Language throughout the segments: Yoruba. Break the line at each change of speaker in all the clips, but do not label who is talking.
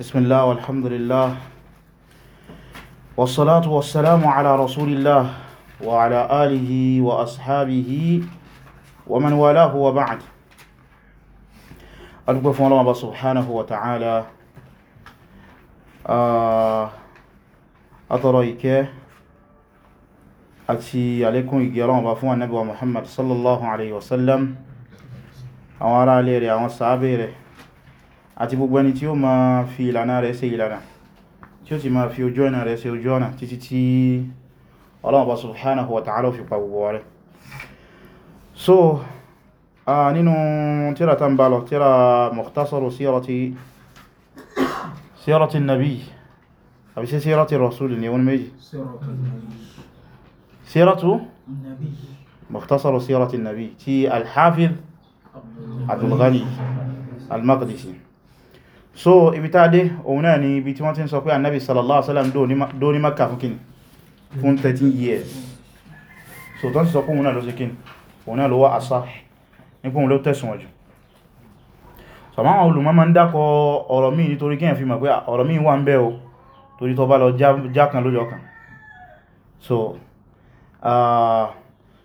بسم الله والحمد لله والصلاة والسلام على رسول الله وعلى آله وأصحابه ومن والاه وبعد أدوك فون الله سبحانه وتعالى أتريك أتي عليكم إجيران بفون النبي محمد صلى الله عليه وسلم أمر عليه وصحابه àti gbogbo ẹni tí ó ma fi ìlànà rẹ̀ ṣe ìlànà tí ó sì ma fi ojú ọ̀nà rẹ̀ ṣe ojú ọ̀nà títí tí Ọlọ́run Ọba subhanahu wa fi pa gbogbo rẹ̀ so a nínú tíra tán bá lọ tíra mukhtasaru sírati sírati nabi àbí sí sírati rasuli ní wọ́n méjì síratu mukhtasaru sírati nabi ti alhafiz abdulghani al المقدسي so ibi tá dé òun náà ni ibi tí wọ́n ti ń sọ pé annabi sallallahu alaihi dó ní maka fún kíni fún 13 years so tó ń sọ fún òun náà ló sí kíni òun náà ló wá asá nípa òun ló tẹ̀sùn ọjọ́ so ma wọn olùmọ́ ma ń dákọ ọ̀rọ̀ míì nítorí kíyàn fi mọ̀ pé ọ̀rọ̀ míì wà ń bẹ o torí tó bá lọ jákan lójọ kan so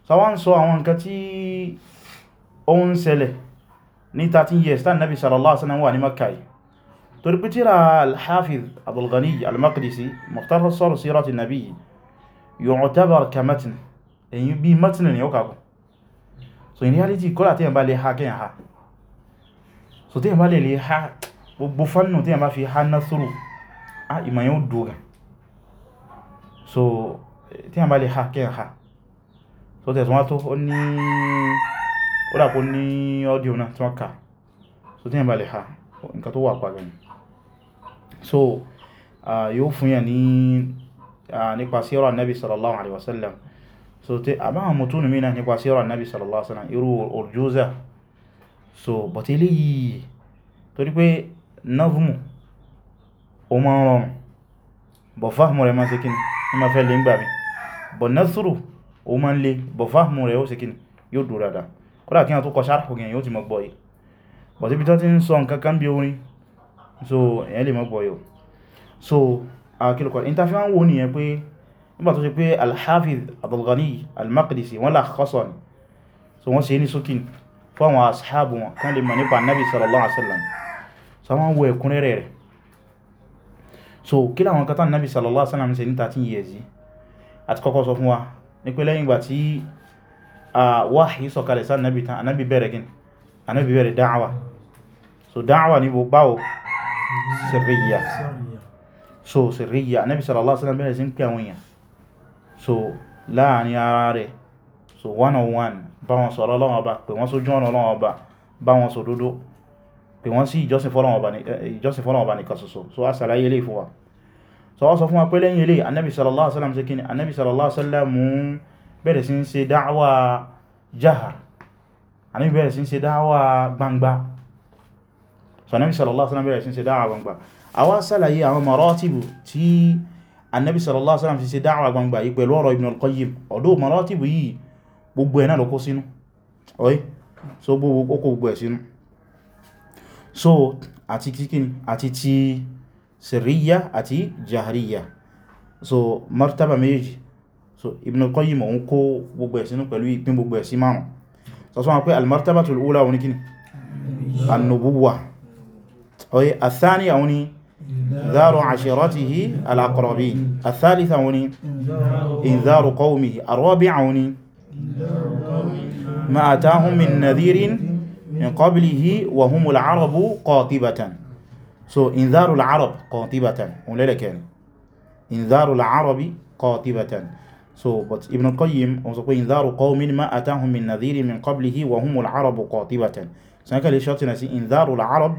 so wọ́n sọ àwọn nǹkan tí ó ń ṣẹlẹ̀ ní 13 years tán nabi sallallahu alaihi wasallam wà ní maka torí pé tíra al-Hafiz Abdul-Ghani al-Maqdisi Mukhtasar Sirati an-Nabi yu'tabar ka matn èyí bí matn ni ó kàkù so in reality kọ́lá tí yẹn bá lè ha kí yẹn ha so tí yẹn bá lè lè ha gbogbo fannu tí yẹn bá fi ha nasuru a ìmọ̀ yóò dùgà so tí yẹn bá lè ha kí yẹn ha so tẹ̀sùn wá tó ó ní ó dàpọ̀ ní ọ́díò náà tí wọ́n kà so tí yẹn bá lè ha nǹkan tó wà pàgẹ́ ni so yóò fún yà ní nípa síra nabi sallallahu alaihi wasallam so tí a bá mọ̀ túnú mìíràn nípa síra nabi sallallahu alaihi wasallam irú Urjuza so but eléyìí torí pé nazmu o ma ń rọrùn bọ̀ fáhmù rẹ̀ ma ṣe kíni ní ma fẹ́ lè ń gbà mí bọ̀ nasru o ma ń lè bọ̀ fáhmù rẹ̀ ó ṣe kíni yóò dúró dáadáa kódà kí wọ́n tó kọ sáàrùn ti mọ̀ gbọ́ yìí bọ̀ tí bí tó ti ń sọ kan bí orin so èyàn lè mọ́ bọ̀yọ̀ so àkílùkọ̀ interfíwọ́n wò nìyẹn pé nígbà tó ṣe pé al-Hafiz Abdul-Ghani al-Maqdisi wọ́n ni so wọ́n ṣe ní sókín fún àwọn ashabu wọn kan lè mọ̀ nípa Ànábì sallallahu alaihi wasallam so wọ́n wo ẹ̀kúnrẹ́rẹ́ rẹ̀ so kí láwọn kan tán Ànábì sallallahu alaihi wasallam ṣe ní 13 years àti kọ́kọ́ sọ fún wa ní pé lẹ́yìn ìgbà tí wahyi sọ̀kalẹ̀ sí Ànábì tán Ànábì bẹ̀rẹ̀ so da'wa ní gbogbo sirriya so sirriya Ànábì sallallahu alaihi wasallam bẹ̀rẹ̀ sí ń pè àwọn èèyàn so láàrin ara rẹ̀ so one on one bá wọn sọ̀rọ̀ Ọlọ́run ọba pè wọ́n sójú ọ̀nà Ọlọ́run ọba bá wọn sọ dódó pè wọ́n sí ìjọsìn fọ́lọ́run eh, ọba nìkan ṣoṣo so a sàlàyé ilé ìfún wa so wọ́n sọ fún wa pé lẹ́yìn ilé Ànábì sallallahu alaihi wasallam ṣe kíni Ànábì sallallahu alaihi so anabi sallallahu alaihi wasallam bẹ̀rẹ̀ sí ṣe dáwà gbangba àwa sàlàyé àwọn maratibu tí anabi sallallahu alaihi wasallam fi ṣe dáwà gbangba yìí pẹ̀lú ọ̀rọ̀ ibn al-qayyim ọ̀dọ́ maratibu yìí gbogbo ẹ̀ náà ló kó sínú so gbogbo okò gbogbo ẹ̀ sínú so àti kíkín àti ti sirriya àti jahriya so martaba méjì so ibn al-qayyim òun kó gbogbo ẹ̀ sínú pẹ̀lú ìpín gbogbo ẹ̀ sí márùn-ún sọ pé al-martabatul ula òun kíni an oye athani àwọn ni dharu ashiratihi al-aqrabi athalitha àwọn ni indharu qawmihi arọ́bí àwọn ni ma atahum min min qablihi wa humul arabu qatibatan so indharu al-arab qatibatan ulẹ́lẹ̀kẹ́ni indharu al-arabi so but ibn al-qayyim ó sọ pé inzaru qawmin ma atahum min nadhirin min qablihi wa humul arabu qatibatan sanaka le shotina inzaru al-arab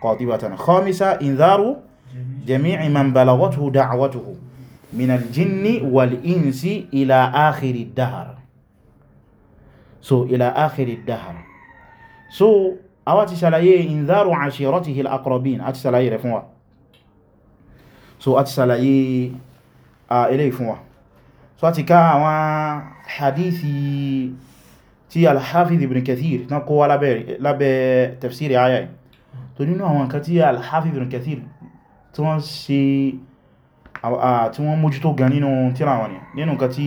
قاطبة خامسة انذار جميع من بلغته دعوته من الجن والإنس إلى آخر الدهر so إلى آخر الدهر so àwa ti ṣàlàyé انذار عشيرته الأقربين àti ṣàlàyé rẹ̀ wa so àti ṣàlàyé eléyìí fún wa so àti ka àwọn hadithi tí al-Hafiz ibn Kathir na kó wá lábẹ́ tafsiri ayayi so nínú àwọn nǹkan tí al-Hafiz ibn Kathir tí wọ́n ṣe tí wọ́n mójútó gan nínú tírà wọn nínú nǹkan tí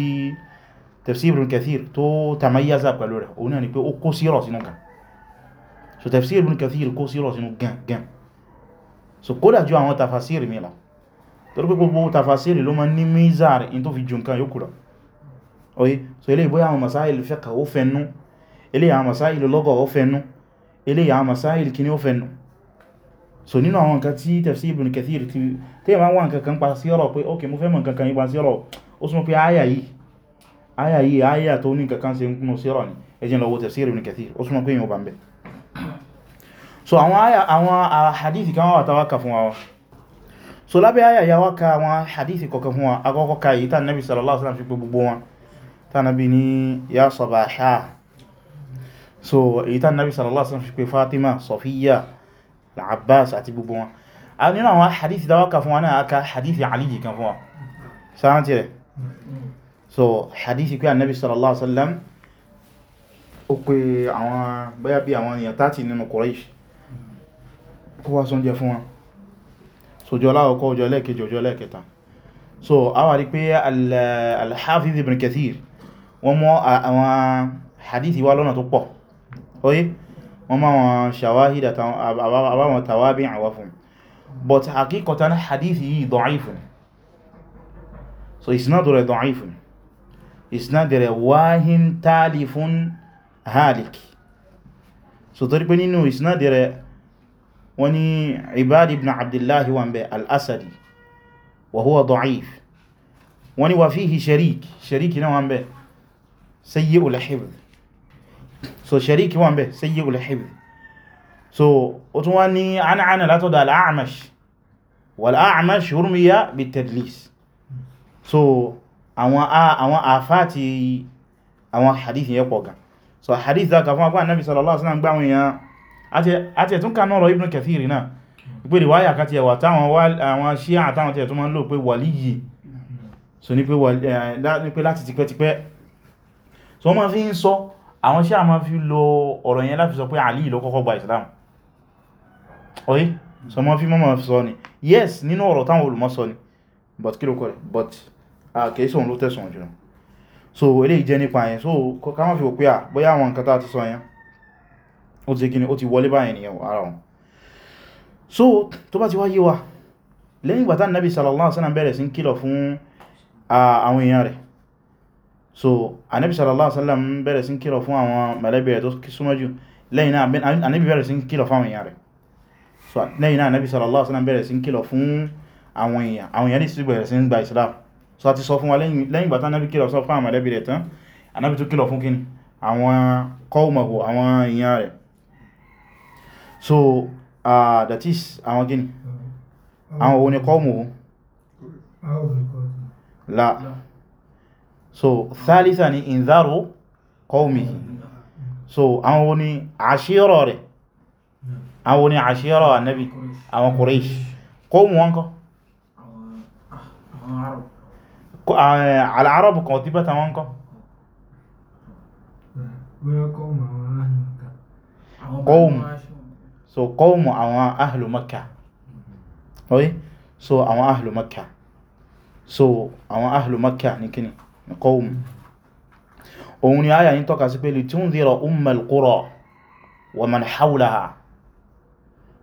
tafsir ibn Kathir tó tamayyaza pẹ̀lú rẹ̀ òun náà ni pé ó kó sírọ̀ sínú gan so tafsir ibn Kathir kó sírọ̀ sínú gan gan so kódà ju àwọn tafasiri mi lọ torí pé gbogbo tafasiri ló ma ní mizar in tó fi jù nǹkan yóò lọ oye so ilé ìbóyá àwọn masáìlì fiqh ó ó fẹ́nu so nínú àwọn nǹkan tí tafsir ibn kathir ti tẹ́yẹ̀ máa ń wà nǹkan kan pa sí ọ̀rọ̀ pé ok mo fẹ́ mọ̀ nǹkan kan nípa sí ọ̀rọ̀ ó súnmọ́ pé áyà yìí áyà yìí áyà tó ní nǹkan kan ń kúnnù sí ọ̀rọ̀ ni ẹ jẹ́ lọ wo tafsir ibn kathir ó súnmọ́ pé yìí bá ń bẹ̀ so àwọn áyà àwọn hadith kan wà tàwa kà fún wa so lábẹ́ áyà ya wá ka àwọn hadith kọ̀ọ̀kan fún wa akọ́kọ́ ka yìí tá nabi sallallahu alaihi wasallam fi gbogbo wọn tá nabi ní ya sabaha so èyí tá nabi sallallahu alaihi wasallam fi pe fatima sofia al-abbas àti gbogbo wọn a nínú àwọn hadith dáwọ́ka fún wa náà aka hadith aliyu kan fún wa sárántí so hadith pé annabi sallallahu alaihi wasallam ó pé àwọn bóyá bí àwọn èèyàn tàti nínú Quraysh kó wá sóúnjẹ fún wọn sójọ́ so a wà rí pé al-Hafiz ibn Kathir wọ́n mọ́ àwọn hadith wọ́n máa wọn ṣàwáhìdà àbáwọn tàwábí àwá fún but hakikatan hadithi yìí da'ifun so isnadu rẹ̀ da'ifun isnadu rẹ̀ wáhín tálifun halik so torí pé nínú isnadu rẹ̀ wọ́n ní Ibad ibn Abdullahi wọn bẹ al-Asadi wa huwa da'if wọ́n ní wa fihi sharik sharik náà wọn bẹ sayyi'ul hifdh so shariki wọ́n bẹ̀ sayyi'ul hifz so o tún wá ní an'ana látọ̀dọ̀ al-a'mash wal-a'mash hurmiya bit-tadlis so àwọn àfá ti àwọn hadith yẹ pọ̀ gan so hadith zaka fún akwá annabi sallallahu alaihi wasallam gbáwọn èèyàn àti ẹ̀tún kanú ọ̀rọ̀ ibn kathiri náà pé riwaya ká ti ẹ̀wà táwọn àwọn Shia àtàwọn ti ẹ̀tún ma ń lò pé wàlíyì so eh, ní pé láti tipẹ́tipẹ́ so wọ́n ma fi ń sọ àwọn Shia máa fi lo ọ̀rọ̀ yẹn láti sọ pé Àlì ló kọ́kọ́ gba Islam oye so mọ́ fi mọ́mọ́ sọ ni yes nínú ọ̀rọ̀ táwọn olùmọ̀ sọ ni but kí ló kọ́ rẹ̀ but kìí sọ ló tẹ̀sùn jù so eléyìí jẹ́ nípa yẹn so ká má fi wò pé à bóyá àwọn nǹkan tá ti sọ yẹn ó ti kíni ó ti wọlé báyẹn nìyẹn ara wọn so tó bá ti wá yé lẹ́yìn ìgbà tá Nabi sallallahu alaihi wasallam bẹ̀rẹ̀ sí kìlọ̀ fún àwọn èèyàn rẹ̀ so anabi sallallahu alaihi wasallam bẹ̀rẹ̀ sí kìlọ̀ fún àwọn mẹ̀lẹ́bí rẹ̀ tó súnmọ́jú lẹ́yìn náà anabi bẹ̀rẹ̀ sí kìlọ̀ fún àwọn èèyàn rẹ̀ so lẹ́yìn náà anabi sallallahu alaihi wasallam bẹ̀rẹ̀ sí kìlọ̀ fún àwọn èèyàn àwọn èèyàn sì bẹ̀rẹ̀ sí gba islam so àti sọ fún wa lẹ́yìn ìgbà tí anabi kìlọ̀ sọ fún àwọn mẹ̀lẹ́bí rẹ̀ tán anabi tó kìlọ̀ fún kíni àwọn qawmahu àwọn so uh, that is àwọn kíni àwọn òun ni qawmuhu la, la so thalitha ni inzaru qawmihi so àwọn wo ni àṣírọ̀ rẹ̀ àwọn wo ni àṣírọ̀ annabi àwọn Quraysh qawmu wọn kọ́ eh, al-Arab kan tí bẹ́ta wọn kọ́ so qawmu àwọn ahlu Makkah oye so àwọn ahlu Makkah so àwọn ahlu Makkah ní kíni qawm òun ni àyà yìí tọ́ka sí pé litundhira ummal qura wa man hawlaha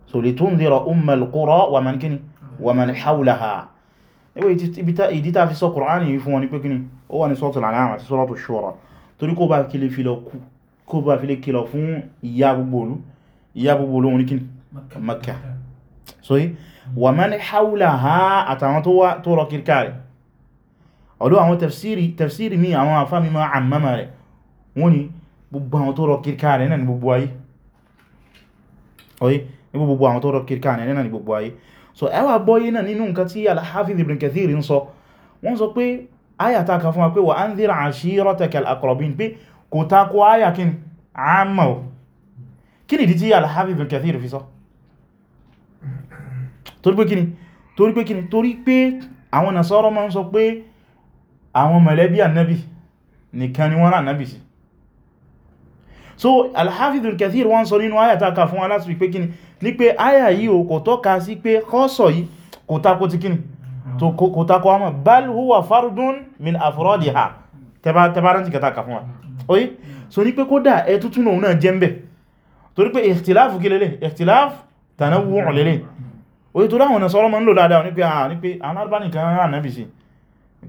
so litundhira ummal qura wa man kíni wa man hawlaha ìdí ta fi sọ Kùránì yìí fún wọn ni pé kíni ó wà ní suratul An'am àti suratu Shura torí kó bá kílé fi lọ kú kó bá fi lè kílọ fún ìyá gbogbo olú ìyá gbogbo olú ní kíni Makkah so yí wa man hawlaha àtàwọn tó rọ kírkà rẹ̀ ọ̀dọ́ àwọn tafsiri tafsiri mi àwọn afámi ma àmàmà rẹ̀ wọ́n ni gbogbo àwọn tó rọ kírká rẹ̀ náà ni gbogbo ayé oye ní gbogbo àwọn tó rọ kírká rẹ̀ náà ni gbogbo ayé so ẹwà bọ́yé náà nínú nǹkan tí al-Hafiz ibn Kathir ń sọ wọ́n sọ pé áyà ta ka fún wa pé wa anzir ashirataka al-aqrabin pé kò ta kó áyà kí ni àmà o kí ni ìdí tí al-Hafiz ibn Kathir fi sọ torí pé kí ni torí pé àwọn Nasara máa ń sọ pé àwọn mọ̀lẹ́bí annabi nìkan ni wọ́n rán annabi sí so alhafidul kathir wọ́n sọ nínú ayata ka fún wa láti pé kíni ní pé aya yìí o kò tọ́ka sí pé kọ́sọ̀ yìí kò tako ti kíni tó kò tako ọmọ bal fardun min afradiha tẹbárán ti kẹta ka fún wa so ní pé kódà ẹ tuntun òun náà jẹ́mbẹ̀ torí pé ikhtilafu kí lélẹ̀ ikhtilafu tanawwu lélẹ̀ oye torí àwọn ọ̀nà sọ́rọ̀ mọ́ ń lò dáadáa ní pé àwọn arbánikan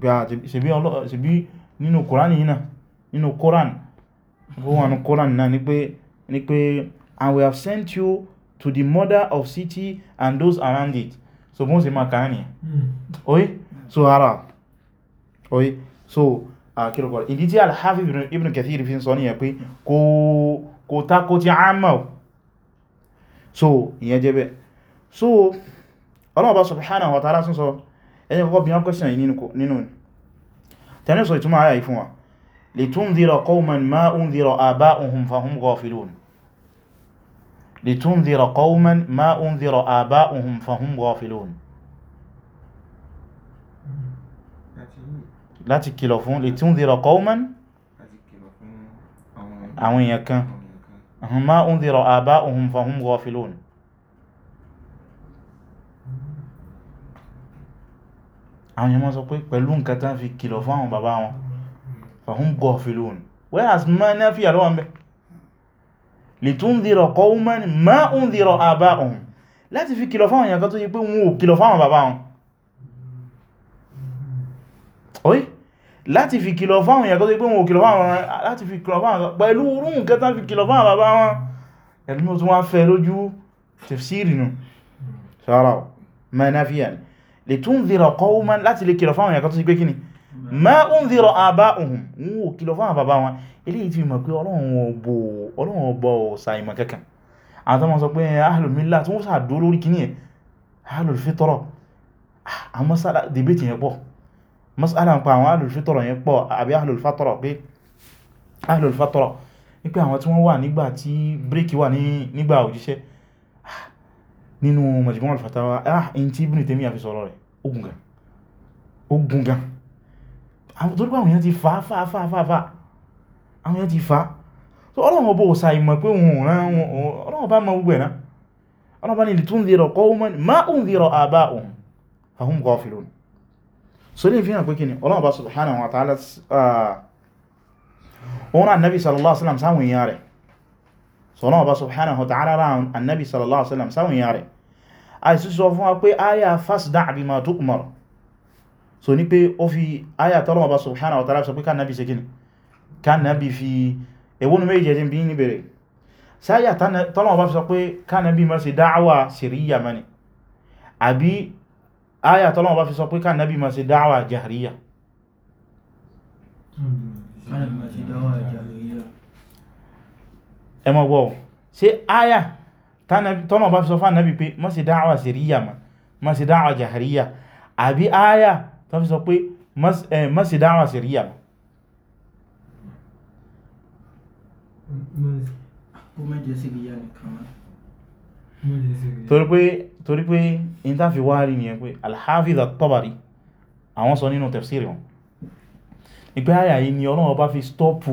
pé a ah, ṣebí nínú Kùránì yìí náà nínú Kùránì gbówà ní Kùránì náà ní pé and we have sent you to the mother of city and those around it so bọ́n ṣe ma kàá ní hmm. oye so ara oye so àkílùkọ̀ ah, ìdí tí al-Hafiz Ibn Kathir fi ń sọ níyẹ pé kò takò tí a mọ̀ so ìyẹn jẹ́ bẹ́ so Allah subhanahu wa ta'ala sún sọ ẹjẹ́ kọ́kọ́ bí wọ́n question yìí nínú tẹ́lẹ̀ sọ ìtumọ̀ ayà ìfún wa litunzira qawman ma unzira aba'uhum fahum ghafilun litunzira qawman ma unzira aba'uhum fahum ghafilun láti kìlọ̀ fún litunzira qawman àwọn èèyàn kan ma unzira aba'uhum fahum ghafilun àwọn èèyàn máa sọ pé pẹ̀lú nǹkan tán fi kìlọ̀ fún àwọn bàbá wọn fahum ghafilun whereas ma ní àfíà lọ́wọ́ mẹ́ litundhira qawman ma undhira aba'uhum láti fi kìlọ̀ fáwọn èèyàn kan tó yí pé wọn ò kìlọ̀ fáwọn bàbá wọn oi láti fi kìlọ̀ fáwọn èèyàn kan tó yí pé wọn ò kìlọ̀ fáwọn láti fi kìlọ̀ fáwọn pẹ̀lú orún kẹta fi kìlọ̀ fáwọn bàbá wọn ẹ̀lú tó wá fẹ́ lójú tafsiri nù sára mẹ́náfíà ni lè tún zira qawman láti lè kìlọ̀ fáwọn ẹ̀kọ́ tó sì pé kíni ma ń zira aba'uhum wọn ò kìlọ̀ fáwọn bàbá wọn eléyìí ti mọ̀ pé ọlọ́run ọgbọ̀ ọ̀sà ìmọ̀ kankan àwọn tó mọ̀ sọ pé eh, ahlul millah tí wọ́n sà dúró lórí kíní ẹ̀ ahlul fitra ah, àwọn masala nínú Majmu' al-Fatawa ah in tí Ibn Taymiyyah fi sọ̀rọ̀ rẹ̀ ogun gan ogun gan àwọn tó gbáwọn èèyàn ti fa fa fa fa fa àwọn èèyàn ti fa so ọlọ́run ọba òsà ìmọ̀ pé òun rán ọlọ́run ọba ma gbogbo ẹ̀nà ọlọ́run ọba ni litunzira qawman ma unzira so ní ìfihàn pé kíni ọlọ́run ọba subhanahu wa ta'ala ah, òun rán nabi sallallahu alaihi wasallam sáwọn èèyàn sọ̀nà ọba subhanahu wa ta'ala ra annabi sallallahu alaihi wasallam sáwọn yare àìsí sọ fún wa pé aya fasda' bima tu'mar so ní pé ó fi aya tọ́lọ̀ ọba subhanahu wa ta'ala sọ pé kánàbí ṣe kíni kánàbí fi ewónú méjì jẹ́ bí ní bèrè sáyà tọ́lọ̀ ọba sọ pé kánàbí ma ṣe da'wa sirriya mani àbí aya tọ́lọ̀ ọba fi sọ pé kánàbí ẹmọ gbọ́ ṣe áyà tọ́nà bá fi sọ fún ànábì pé má ṣe dáwà sirriya ma má ṣe dáwà jahariya àbí áyà tọ́ fi sọ pé má ṣe dáwà sirriya ma torí pé torí pé in ta fi wárí ni ẹ pé al-Hafiz at-Tabari àwọn sọ nínú tafsiri wọn ìgbé àyà yìí ni Ọlọ́run bá fi stọ́pù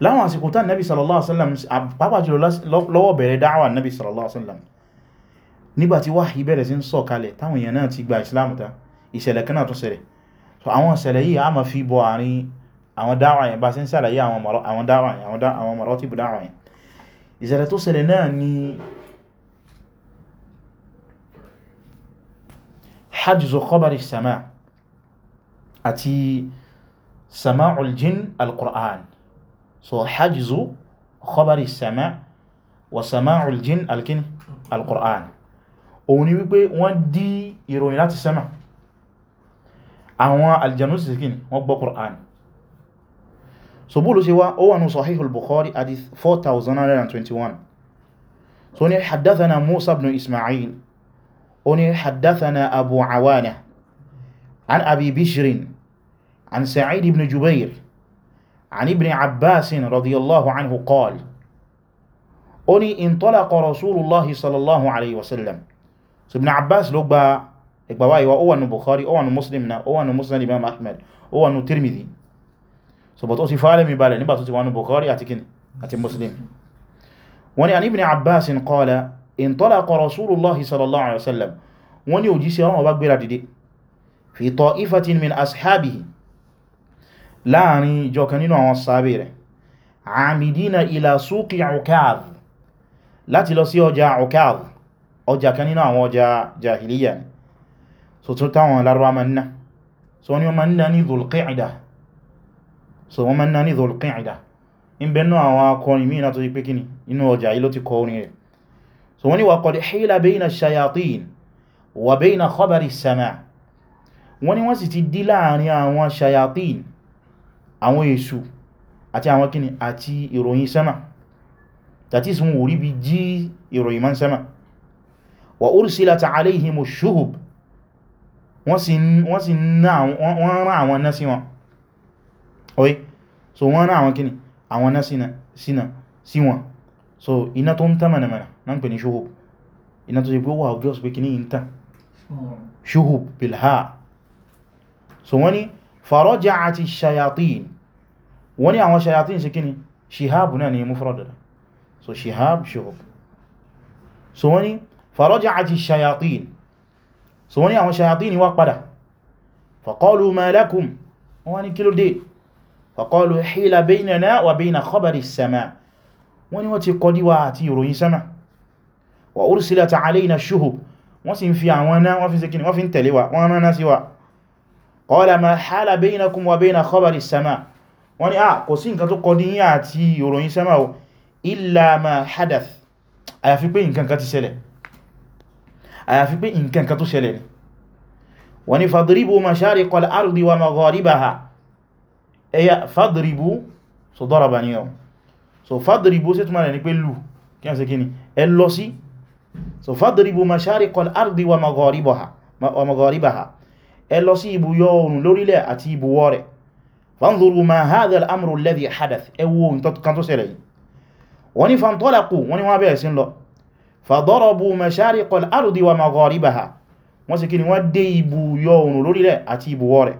láwọn àsìkò tán nabi sallallahu alaihi wasallam pàápàá jùlọ lọ́wọ́ bẹ̀rẹ̀ dáwà nabi sallallahu alaihi wasallam nígbàtí wáhí bẹ̀rẹ̀ sí ń sọ kalẹ̀ táwọn èèyàn náà ti gba islam ta ìṣẹ̀lẹ̀ kan náà tún ṣẹlẹ̀ so àwọn ìṣẹ̀lẹ̀ yìí a ma fi bọ àárín àwọn dáwà yẹn bá sí ń sàlàyé àwọn dáwà yẹn kọbari sama àti sama'ul jin al-qur'an so hajjizu khabari sama wa sama'ul jin alkini alkur'an òun ni wípé wọ́n dí ìròyìn láti sama àwọn aljanu sikin wọ́n gbọ́ kur'an so bóòlù sí wá ó wà ní sahihul bukhari hadith 4921 so ni haddathana musa ibn ismail ó ní haddathana abu awana an abi bishrin an sa'id ibn jubair عن ابن عباس رضي الله عنه قال أني انطلق رسول الله صلى الله عليه وسلم ابن عباس لقى إقبواي وهو أنه بخاري أو أنه مسلم أو أنه مسلم إمام أحمد أو أنه ترمذي سبت أسي فعلمي بالي نبات أسي وأنه بخاري أتكين أتي مسلم وني عن ابن عباس قال انطلق رسول الله صلى الله عليه وسلم وني أجيسي رمى بقبرة دي في طائفة من أصحابه láàrin ìjọ kan nínú àwọn sàábé rẹ̀ amidina ila suqi Ukaz láti lọ sí ọjà Ukaz ọjà kan nínú àwọn ọjà jahiliya ni so tún táwọn larwa manna so wọ́n ni wọ́n manna ní Dhul-Qa'dah so wọ́n manna ní Dhul-Qa'dah in bẹ̀nú àwọn akọrin mìíràn tó ti pé kíni inú ọjà yìí ti kọ orin rẹ̀ so wọ́n ni wa qad hila bayna shayatin wa bayna khabari sama wọ́n ni wọ́n sì ti dí láàrin àwọn shayatin àwọn èṣù àti àwọn kíni àti ìròyìn sánmà tàti sun orí bí jí ìròyìn man sánmà wa ursilat alayhimu shuhub wọ́n sì rán àwọn náà sí wọn oye so wọ́n rán àwọn kíni àwọn náà sí wọn so iná tó ń tán mẹ́nàmẹ́nà náà ń pè ní shuhub iná tó ṣe pé wà obvious pé kíní ń tán shuhub so wọ́n ni fàrọ́jà àti shayatin wọ́n ní àwọn shayatin sí kíni shihabu náà ni mufrad so shihab shihab so wọ́n ní fàrọ́jà àti shayatin so wọ́n ní àwọn shayatin wá padà faqalu ma lakum wọ́n ní kílódé faqalu hila baynana wa bayna khabari as-sama wọ́n ní wọ́n ti kọdíwa qala ma hala baynakum wa bayna khabari as-sama wọ́n ni a ah, kò sí nǹkan tó kọdí yí àti ìròyìn sama o illa ma hadath àyàfi pé nǹkan kan ti ṣẹlẹ̀ àyàfi pé nǹkan kan tó ṣẹlẹ̀ ni wọ́n ni fadribu mashariqal ardi wa magharibaha ẹya fadribu so daraba ni yau so fadribu sí túnmà rẹ̀ ní pé lù kí ẹ lọ sí so fadribu mashariqal ardi wa magharibaha ẹ lọ sí ibùyọ oòrùn lórílẹ̀ àti ibùwọ̀ rẹ̀ fanzuru ma hadha al-amru alladhi hadath ẹ wo nǹkan tó ṣẹlẹ̀ yìí wọ́n ni fantalaqu wọ́n ni wọ́n bẹ̀rẹ̀ sí lọ fadarabu mashariqa al-ardi wa magharibaha wọ́n sì kí ni wọ́n dé ibùyọ oòrùn lórílẹ̀ àti ibùwọ̀ rẹ̀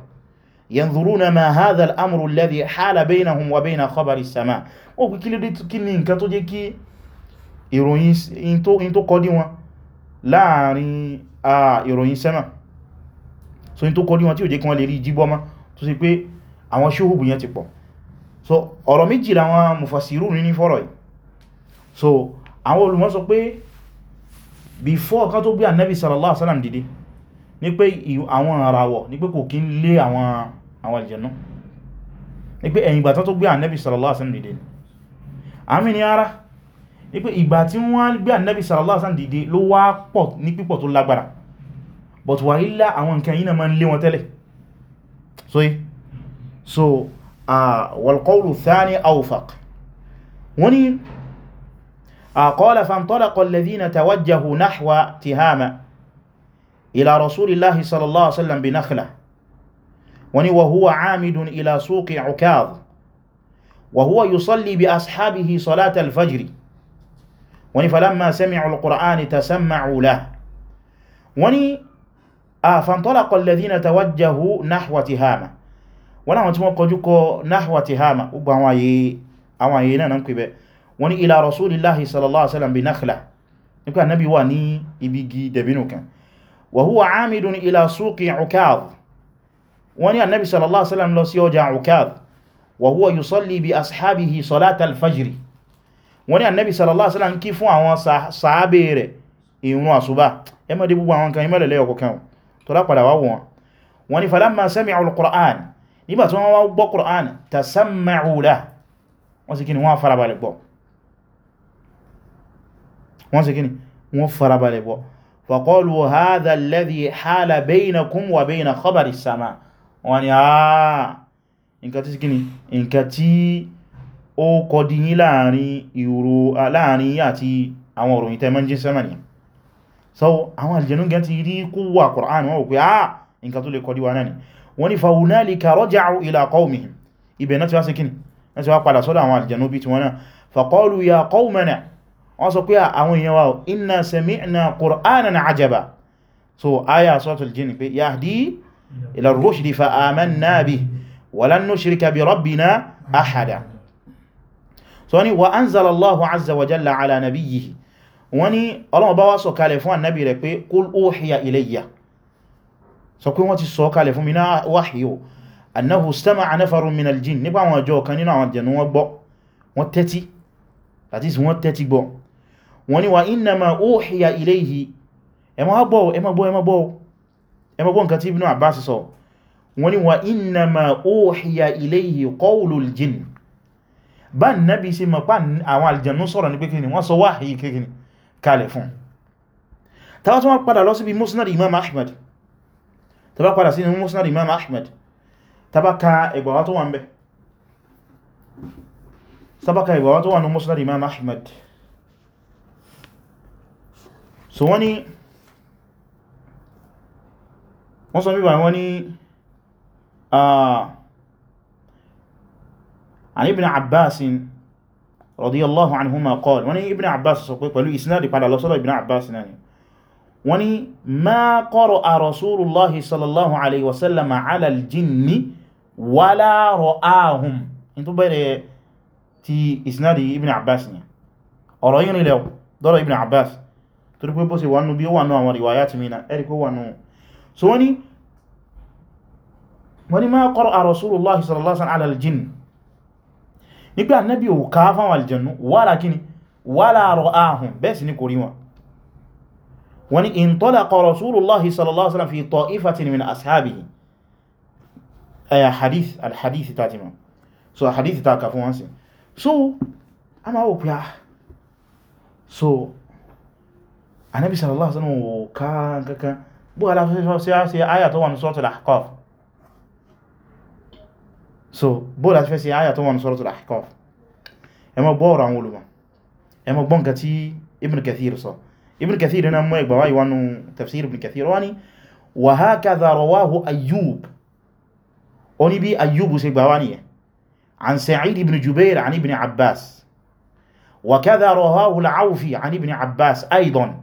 yanzuruna ma hadha al-amru alladhi hala baynahum wa bayna khabari as-sama ó kú kí ló kí ni nǹkan tó jẹ́ kí ìròyìn tó kọ́ dí wọn láàrin ìròyìn sẹ́mà so in tó kọrí wọn tí ò jẹ́ kí wọ́n lè rí jíbọ́ má tó sì pé àwọn ṣóhùbù ti pọ̀ so ọ̀rọ̀ méjì làwọn mufasiru ní fọ́rọ̀ yìí so àwọn olùmọ̀ sọ pé before kan tó gbé ànábì sallallahu alaihi wasallam dìde ní pé àwọn àràwọ̀ ní pé kò kí ń lé àwọn àlùjànnú ní pé ẹ̀yìn ìgbà tán tó gbé sallallahu alaihi wasallam dìde ni àmì ni ara ní pé ìgbà tí wọ́n gbé ànábì sallallahu alaihi wasallam dìde ló wá pọ̀ ní pípọ̀ tó lágbára but wà illa àwọn kan yin ma ń lé wọn tẹ́lẹ̀ so yí so wal qawlu thani awfaq wọ́n ni qala fa antalaqa alladhina tawajjahu nahwa tihama ila rasulillahi sallallahu alaihi wasallam bi nakhla wani wa huwa amidun ila suqi ukaz wa huwa yusalli bi ashabihi salata al-fajr wani falamma sami'u al-qur'ani tasamma'u la wani فانطلق الذين توجهوا نحو تهامة wọ́n àwọn tí wọ́n kọjú kọ nahwa tihama gbogbo àwọn ayé àwọn ayé náà ń pè bẹ́ wọ́n ní ila rasulillahi sallallahu alaihi wasallam bi nakhla nípa nabi wà ní ibigi dẹ̀bínú kan wọ́n ní annabi sallallahu tó lápadà wá wọ́n wọ́n ni falamma sami'u al-Qur'an nígbà tí wọ́n wá gbọ́ Qur'an tasamma'u lahu wọ́n sì kí ni wọ́n farabalẹ̀ gbọ́ wọ́n sì kí ni wọ́n farabalẹ̀ gbọ́ faqalu hadha alladhi hala baynakum wa bayna khabari as-sama wọ́n ni aaa nǹkan tí ó kọ́ díyín láàrin ìrò láàrin àti àwọn òròyìn tẹ́mọ́ jínsẹ́mọ̀ nìyàn so àwọn aljanu gan ti rí quwwa Qur'an wọ́n wò pé ah nǹkan tó lè kọ́ díwa náà ni wọ́n ni fahunalika raja'u ila qawmihim ibẹ̀ náà ti wá sí kíni náà ti wá padà sọ́dọ̀ àwọn aljanu bí ti wọ́n náà faqalu ya qawmana wọ́n sọ pé àwọn èèyàn wa inna sami'na qur'anan ajaba so aya suratul jin pé yahdi ila rushdi fa amanna bi wa lan nushrika bi rabbina ahada so ni wa anzala Allahu azza wa jalla ala nabiyyihi wọ́n ní Ọlọ́run bá wá sọ kalẹ̀ fún annabi rẹ̀ pé kul uhiya ilayya sọ pé wọ́n ti sọ kalẹ̀ fún mi náà wáhíyò annahu stama'a nafarun min aljin nípa àwọn ọjọ́ kan nínú àwọn jẹnu wọ́n gbọ́ wọ́n tẹ́tí that is wọ́n tẹ́tí gbọ́ wọ́n ní wa innama uhiya ilayhi ẹmọ gbọ́ ẹmọ gbọ́ ẹmọ gbọ́ nabi sí mọ̀ pa àwọn aljẹnu sọ̀rọ̀ ní pé kí ni wọ́n sọ wáhí kalẹ̀ fún tàbá tó wọ́n padà lọ síbi musnad imam ahmed tàbá padà sí ní musnad imam ahmed tàbá ka ẹgbàwá tó wà ń bẹ tàbá ka ẹgbàwá tó wà ní musnad imam ahmed so wọ́n wọ́n sọ bíbà wọ́n a ah, ibn abbasin radiyallahu anhuma qal wọ́n ní ibn abbas sọ pé pẹ̀lú isnadi padà lọ sọ́dọ̀ ibn abbas náà ni wọ́n ní ma qara'a rasulullahi sallallahu alaihi wasallam ala aljinni wala ra'ahum in tó bẹ̀rẹ̀ ti isnadi ibn abbas ni ọ̀rọ̀ yìí nílẹ̀ dọ́rọ̀ ibn abbas torí pé bó ṣe wà nù bí ó wà nù àwọn riwayat mi na ẹ̀rí kó wà nù so wọ́n ní ma qara'a rasulullahi sallallahu alaihi wasallam ala aljinni ní pé ànábì ò ká fáwọn aljannu wàlá kíni wàlá rọ̀ ahùn bẹ́ẹ̀ sì ní kò rí wọn wọ́n ni intalaqa rasulullahi sallallahu alaihi wasallam fi so hadith ta so a máa ah. so ànábì sallallahu alaihi wasallam ò ká kankan bó aláfẹ́fẹ́ sí àyà tó wà ní so bó láti fẹ́ se àyà tó wọ́n suratul Ahqaf ẹ mo bo ran àwọn olùmọ̀ ẹ mo gbon kan tí Ibn Kathir sọ Ibn Kathir na mọ́ ìgbàwá ìwánu tafsir Ibn Kathir wani wa hakadha rawahu Ayyub oní bí Ayyub ṣe gba e gbàwá nìyẹn عن سعيد بن جبير عن ابن عباس وكذا رواه العوفي عن ابن عباس أيضا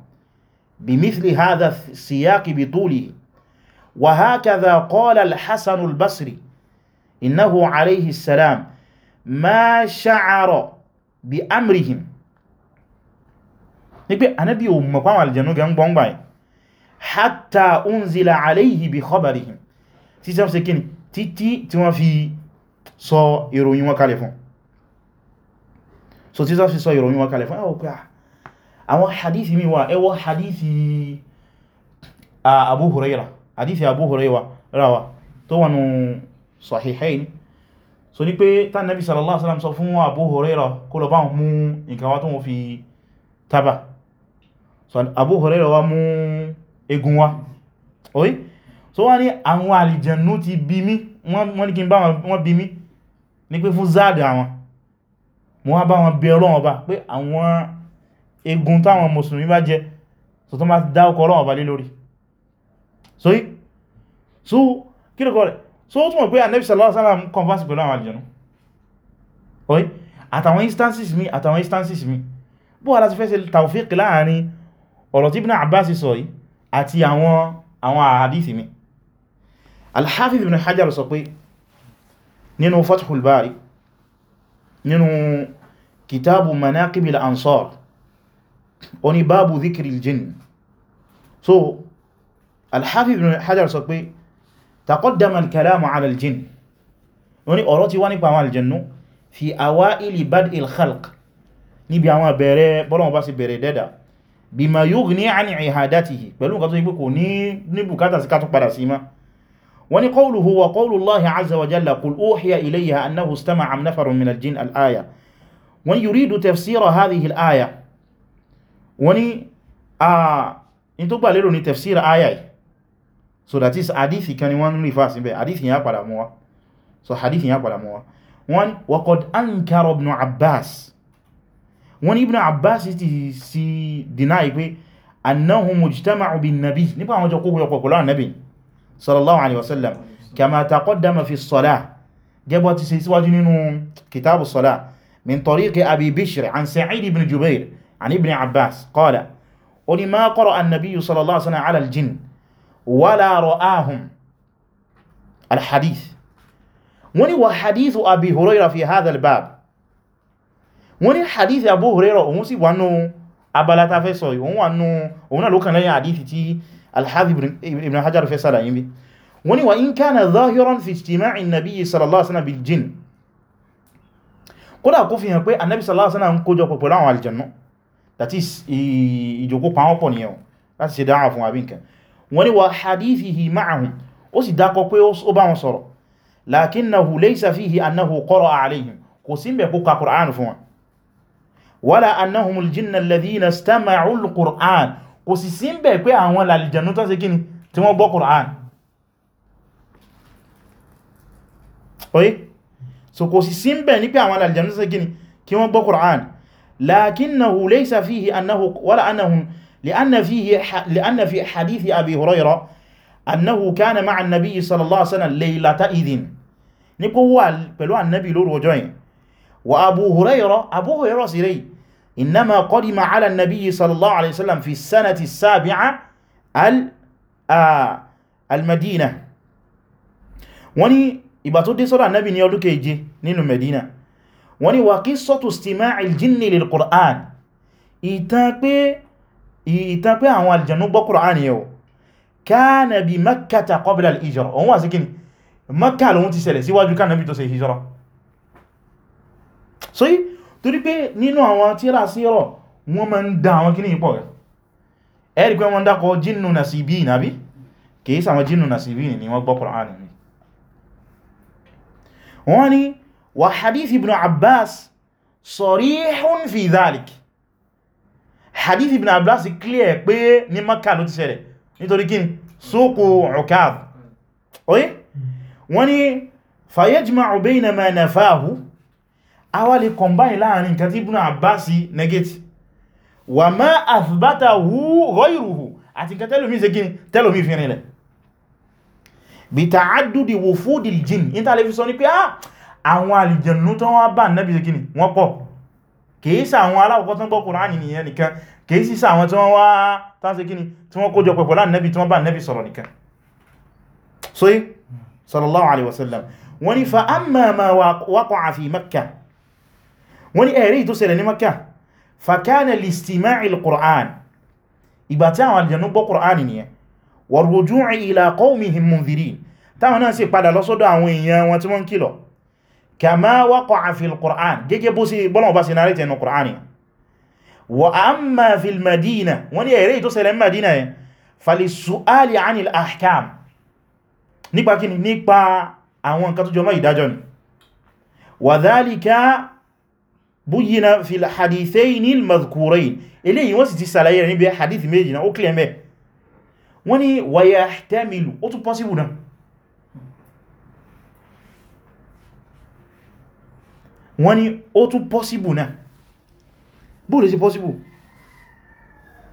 بمثل هذا السياق بطوله وهكذا قال الحسن البصري innahu alayhi salam ma sha'ara bi amrihim ní pé anábí o mọ̀ pàwọn aljanu gan gbọ́ngbà yìí hatta unzila alayhi bi khabarihim tí sẹ́m se kíni títí tí wọ́n fi sọ ìròyìn wọn kalẹ̀ fún so tí sẹ́m fi sọ ìròyìn wọn kalẹ̀ fún ẹwọ́ pé àwọn hadithi mi wà ẹwọ́ hadithi abu huraira hadithi abu huraira rawa tó wọnú sahihain so ní pé tán nabi sallallahu alaihi wasallam sọ fún Abu Hurairah kó lọ bá wọn mú nǹkan wá tó wọn fi tábà so Abu Hurairah wá mú egun wá oí so wọ́n ní àwọn àlìjànú ti bí mí wọ́n ní kí n bá wọn bí mí ní pé fún záàdì àwọn mo wá bá wọn bí Ọlọ́run Ọba pé àwọn egun táwọn mùsùlùmí bá jẹ so tó má dá ọkọ̀ Ọlọ́run Ọba lé lórí so yí so kí lọ́kọ̀ so ó túnmọ̀ pé Ànábì sallallahu alaihi wasallam converse pẹ̀lú àwọn àlìjẹ̀nú oi àtàwọn instances mi àtàwọn instances mi bó ara ti fẹ́ ṣe tawfiq láàrin ọ̀rọ̀ tí Ibn Abbas sọ yìí àti àwọn àwọn àhàdìsì mi Al-Hafiz Ibn Hajar sọ pé nínú Fathul Bari nínú kitabu manaqibil ansar ó ní báàbù dhikril so Al-Hafiz Hajar sọ pé taqaddama al-kalamu ala al-jinn wọ́n ni ọ̀rọ̀ ti wá nípa àwọn aljannu fi awa'ili bad'il khalq níbi àwọn bẹ̀rẹ̀ bọ́lọ̀wọ́ bá sì bẹ̀rẹ̀ dẹ́dà bima yughni 'an i'adatihi pẹ̀lú nǹkan tó yí pé kò ní bùkátà sí kátún padà sí ma wọ́n ni qawluhu wa qawlu Allahi 'azza wa jalla qul uhiya ilayya annahu istama'a nafarun min al-jinn al-aya wọ́n yuridu tafsira hadhihi al-aya wọ́n ni a in tó gbà lérò ni tafsira aya yìí so that is hadith kan ni wọ́n refer rífà be hadith yẹn padà mọ́ wa so hadith yẹn padà mọ́ wa wọ́n waqad ankara ibn abbas wọ́n ibn abbas is si deny pé annahum mujtama'u bin nabi nípa àwọn jọ kó yọpọ̀ pẹ̀lú annabi sallallahu alaihi wasallam kama taqaddama fi salah gẹ́bọ́ ti ṣe síwájú nínú kitabu salah min tariqi abi bishr an sa'id ibn jubair an ibn abbas qala ó ní ma qara'a an-nabiyyu sallallahu alaihi wasallam ala al-jinn wala ra'ahum alhadith wọ́n ní wa hadithu abi huraira fi hadha albab wọ́n ní hadith abu huraira òun sì wánú abala ta fẹ́ sọ òun wánú òun náà ló kàn lẹ́yìn hadithi tí alhazi ibn hajar fẹ́ sára yìí wọ́n ní wa in kana zahiran fi ijtima'i nabi sallallahu alaihi wasallam bil jinn kódà kó fi hàn pé annabi sallallahu alaihi wasallam ń kójọ pẹ̀lú àwọn aljannu wọ́n ni wà hadithihi ma'ahum ó sì dákọ pé ó bá wọn sọ̀rọ̀ lakinnahu laysa fihi annahu qara'a alayhim kò sí mẹ́ kó ka Qur'an fún wọn wala annahum aljinna alladhina istama'u alquran kò sì sí tí wọ́n gbọ́ Qur'an لأن, فيه ح... لأن في حديث أبي هريرة أنه كان مع النبي صلى الله عليه وسلم ليلة إذن نقول pẹ̀lú النبي لور وجوين وأبو هريرة أبو هريرة سيري إنما قدم على النبي صلى الله عليه وسلم في السنة السابعة ال... آ... المدينة وني ìgbà tó صلى النبي نيولو كيجي odun keje وني وقصة استماع الجن للقرآن إتاك بي ìtàn pé àwọn alìjànú gbọ́ Kùránì yẹn o kana bi makkata qabla al-hijra òun wà sí kí ni Makkah lòun ti ṣẹlẹ̀ síwájú kánàbí tó ṣe hijra so yí torí pé nínú àwọn tíra sírọ̀ wọ́n ma ń da àwọn kíní ipò rẹ̀ ẹ̀rì pé wọ́n dákọ̀ hadith ibn abbas clear pé ní maka ló ti ṣẹlẹ̀ nítorí kí n sókò Ukab oye wọ́n ni fayajma'u bayna ma nafahu a wá lè combine láàrin nǹkan tí ibn abbas negate wa ma athbatahu ghayruhu àti nǹkan tẹ́lómi ṣe gini tẹ́lómi fi rinlẹ̀ bí ta'addudi wufudil jinn ní tààlẹ́fisọ́ ní pé ah, àwọn àlìjẹ̀nú tó wọ́n bá nábi ṣe gini wọ́n pọ̀ kìí sí àwọn aláwọ̀kọ́ tó ń gbọ́ Kùránì nìyẹn nìkan kìí sí àwọn tí wọ́n wá tánṣe kíni tí wọ́n kójọ pẹ̀pọ̀ láàrín tí wọ́n bá nẹ́bì sọ̀rọ̀ nìkan so yí sallallahu alaihi wasallam wọ́n ni fa amma ma waqa'a fi makka wọ́n ni ẹ̀rí tó ṣẹlẹ̀ ní makka fa kana listima'i al kama waqa'a fil Qur'an gẹ́gẹ́ bó sí bọ́lọ̀ bá sí náà rẹ̀tẹ̀ ní Qur'an wa amma fil Madina wọ́n ni ẹ̀rẹ́ tó ṣẹlẹ̀ Madina yẹn fali su'ali anil ahkam nípa kíni nípa àwọn nǹkan tó jọmọ́ ìdájọ́ ni wa dhalika buyyina fil hadithaini al madhkurain eléyìí wọ́n sì ti ṣàlàyé rẹ̀ níbi hadith méjì náà ó kílẹ̀ mẹ́ wọ́n ni wa yahtamilu ó tún possible náà wọ́n ní ó tún pọ́síbù náà bóòlù sí pọ́síbù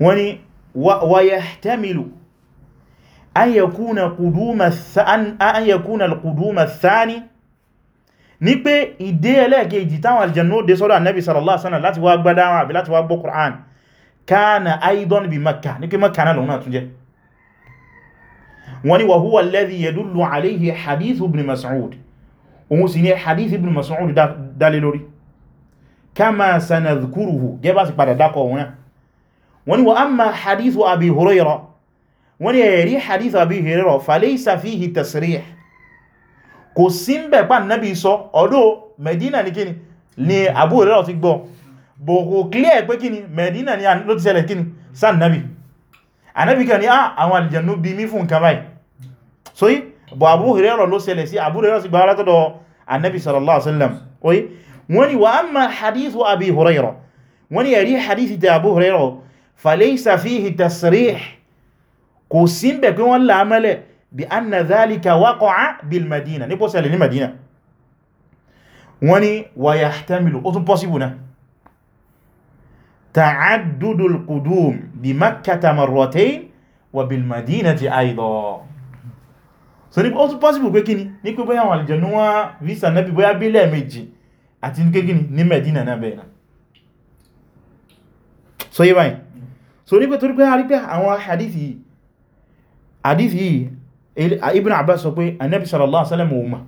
wọ́n ní wa yahtamilu an yakuna al-quduma ath-thani ní pé ìdé ẹlẹ́ẹ̀kejì táwọn aljannu dé sọ́dọ̀ annabi sallallahu alaihi wasallam láti wá gbádáwà wa huwa alladhi yadullu alayhi hadithu ibn Mas'ud òun sì ní hadith ibn Mas'ud dálé lórí kama sanadhkuruhu gẹ́bà sí padà dákọ̀ wọn wọ́n ni wa amma hadithu abi huraira wọ́n ni ẹ̀rí hadithu abi huraira falaysa fihi tasrih kò sí ń bẹ̀ pàn nábi sọ ọ̀dọ̀ medina ni kíni ni abu huraira ti gbọ́ bò kò clear pé kíni medina ni ló ti ṣẹlẹ̀ kíni san nabi anabi kan ni ah àwọn aljannu bí mí fún kan báyìí bọ̀ Abu Hurairah ló ṣẹlẹ̀ sí Abu Hurairah sì gbá látọ́dọ̀ annabi sallallahu alaihi wasallam oye wọ́n ni wa amma hadithu Abi Hurairah wọ́n ni ẹ̀rí hadithi ta Abu Hurairah falaysa fihi tasrih kò sí ń bẹ̀ pé wọ́n lámẹ́lẹ̀ bí anna dhalika waqa'a bil Madina wa yahtamilu ó tún so ní ó tún possible pé kíni ní pé bóyá àwọn àlìjẹ̀nú wọ́n visa nẹ́bí bóyá bí lẹ́ẹ̀mejì àti ní kékíní ní Medina náà bẹ̀rẹ̀ so yí báyìí so ní pé torí pé a rí pé àwọn hadithi yìí hadithi yìí Ibn Abbas sọ pé anẹ́bí sallallahu alaihi wasallam umma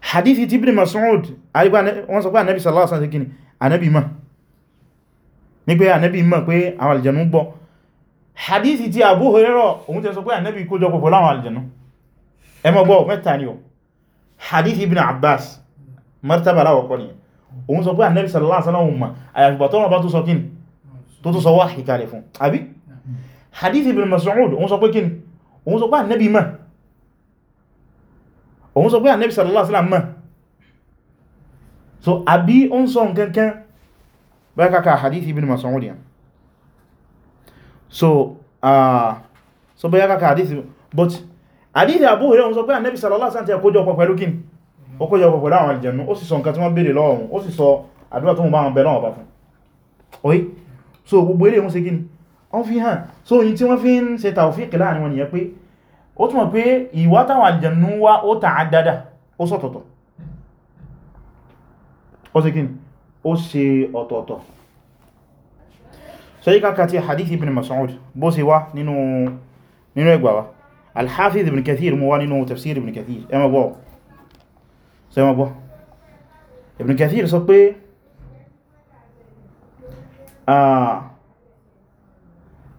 hadithi ti Ibn Mas'ud wọ́n sọ pé anẹ́bí sallallahu alaihi wasallam kíni anẹ́bí ma ní pé anẹ́bí ma pé àwọn àlìjẹ̀nú gbọ́ hadithi ti Abu Hurairah òun tẹ́ sọ pé ànábì kójọpọ̀ pẹ̀lú àwọn àlùjànnú ẹmọ gbọ́ mẹ́ta ni o hadithi ibn Abbas martaba aláwọ̀kọ́ ni òun sọ pé ànábì sallallahu alaihi wasallam ma àyàfìgbà tọ́nà bá tó sọ kín tó tó sọ wá ìkàlẹ̀ fún àbí hadithi ibn Mas'ud òun sọ pé kín òun sọ pé ànábì ma òun sọ pé ànábì sallallahu alaihi wasallam ma so àbí ó ń sọ nǹkan kan báyìí kàkà hadithi ibn Mas'ud yẹn so ah, so bóyá kàkà hadith but hadith Abu Hurairah sọ pé Ànábì sallallahu alaihi wasallam kójọ pọ̀ pẹ̀lú kín ó kójọ pọ̀ pẹ̀lú àwọn àlìjẹ̀nú ó sì sọ nǹkan tí wọ́n béèrè lọ́wọ́ wọn ó sì sọ àdúrà tó mú bá wọn bẹ̀ náà bá fún oí so gbogbo eré wọn se kín wọ́n fi hàn so yìí tí wọ́n fi ń ṣe tàwífíkì láàrin wọn nìyẹn pé ó túnmọ̀ pé ìwà táwọn àlìjẹ̀nú wá ó tààdádá ó sọ̀tọ̀tọ̀ ó ṣe kín ó ṣe ọ̀tọ̀ọ̀tọ̀ so yí káka ti hadith ibn Mas'ud bó sì wá nínú ẹgbàwá al-Hafiz ibn Kathir mú wá nínú tafsir ibn Kathir ẹmọ bọ́ so ẹmọ bọ́ ibn Kathir sọ pé ọmọ ah,